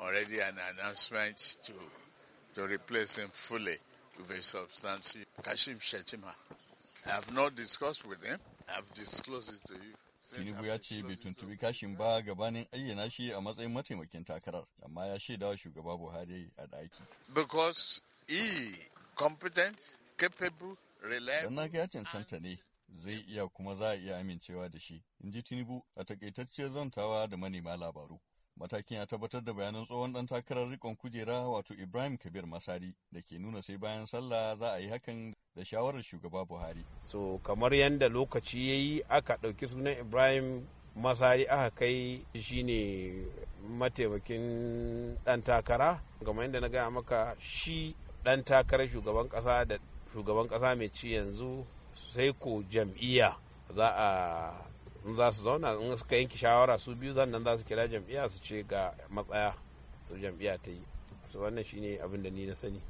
already an announcement to to replace him fully with a substantial Kashim Shetima. I have not discussed with him. I have disclosed it to you. Tinubu ya ce bai tuntubi kashin ba gabanin ayyana shi a matsayin mataimakin takarar, amma ya shaidawa shugaba Buhari a ɗaki. Because he competent, capable, reliable. Don ya cancanta ne, zai iya kuma za a iya amincewa da shi, in ji Tinubu a takaitacce zantawa da manema labaru. Matakin ya tabbatar da bayanan tsohon ɗan takarar rikon kujera wato Ibrahim Kabir Masari da ke nuna sai bayan sallah za a yi hakan da shawarar shugaba Buhari. So kamar yadda lokaci ya yi aka ɗauki sunan Ibrahim Masari aka kai shine mataimakin ɗan takara. Kamar yadda na gaya maka shi ɗan takarar shugaban ƙasa da shugaban ƙasa mai ci yanzu sai ko jam'iyya za a in za su zauna in suka yanke shawara su biyu zan nan za su kira jam'iyya su ce ga matsaya su jam'iyya ta yi su wannan shi ne abin da ni na sani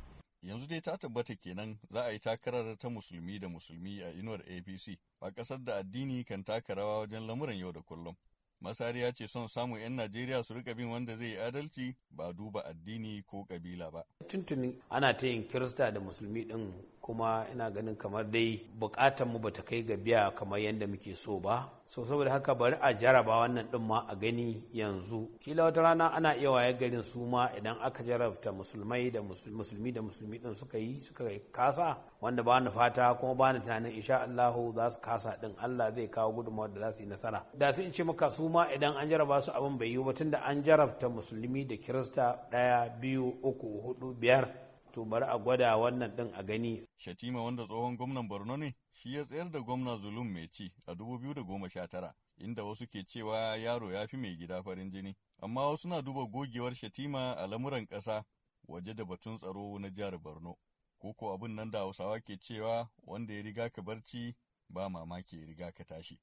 yanzu dai ta tabbata kenan za a yi takarar ta musulmi da musulmi a inuwar apc ba kasar da addini kan taka rawa wajen lamuran yau da kullum masari ya ce son samun 'yan najeriya su rika bin wanda zai yi adalci ba duba addini ko kabila ba tuntuni ana ta yin kirista da musulmi din kuma ina ganin kamar dai bukatanmu ba ta kai ga biya kamar yadda muke so ba so saboda haka bari a jaraba wannan din ma a gani yanzu kila wata rana ana iya waye garin su ma idan aka jarabta musulmai da musulmi da musulmi din suka yi suka kasa wanda ba ni fata kuma ba ni tunanin insha Allah za su kasa din Allah zai kawo gudunmawar da za su yi nasara da sai in ce maka su ma idan an jaraba su abin bai yi ba tunda an jarabta musulmi da kirista daya biyu uku hudu biyar to bari a gwada wannan ɗin a gani. Shatima wanda tsohon gwamnan Borno ne shi ya tsayar da gwamna Zulum mai ci a 2019 inda wasu ke cewa yaro ya fi mai gida farin jini. Amma wasu na duba gogewar Shatima a lamuran ƙasa waje da batun tsaro na jihar Borno. Koko abin nan da Hausawa ke cewa wanda ya riga ka barci ba mamaki ya riga ka tashi.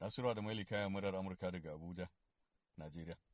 Nasiru da Malika murar Amurka daga Abuja, Najeriya.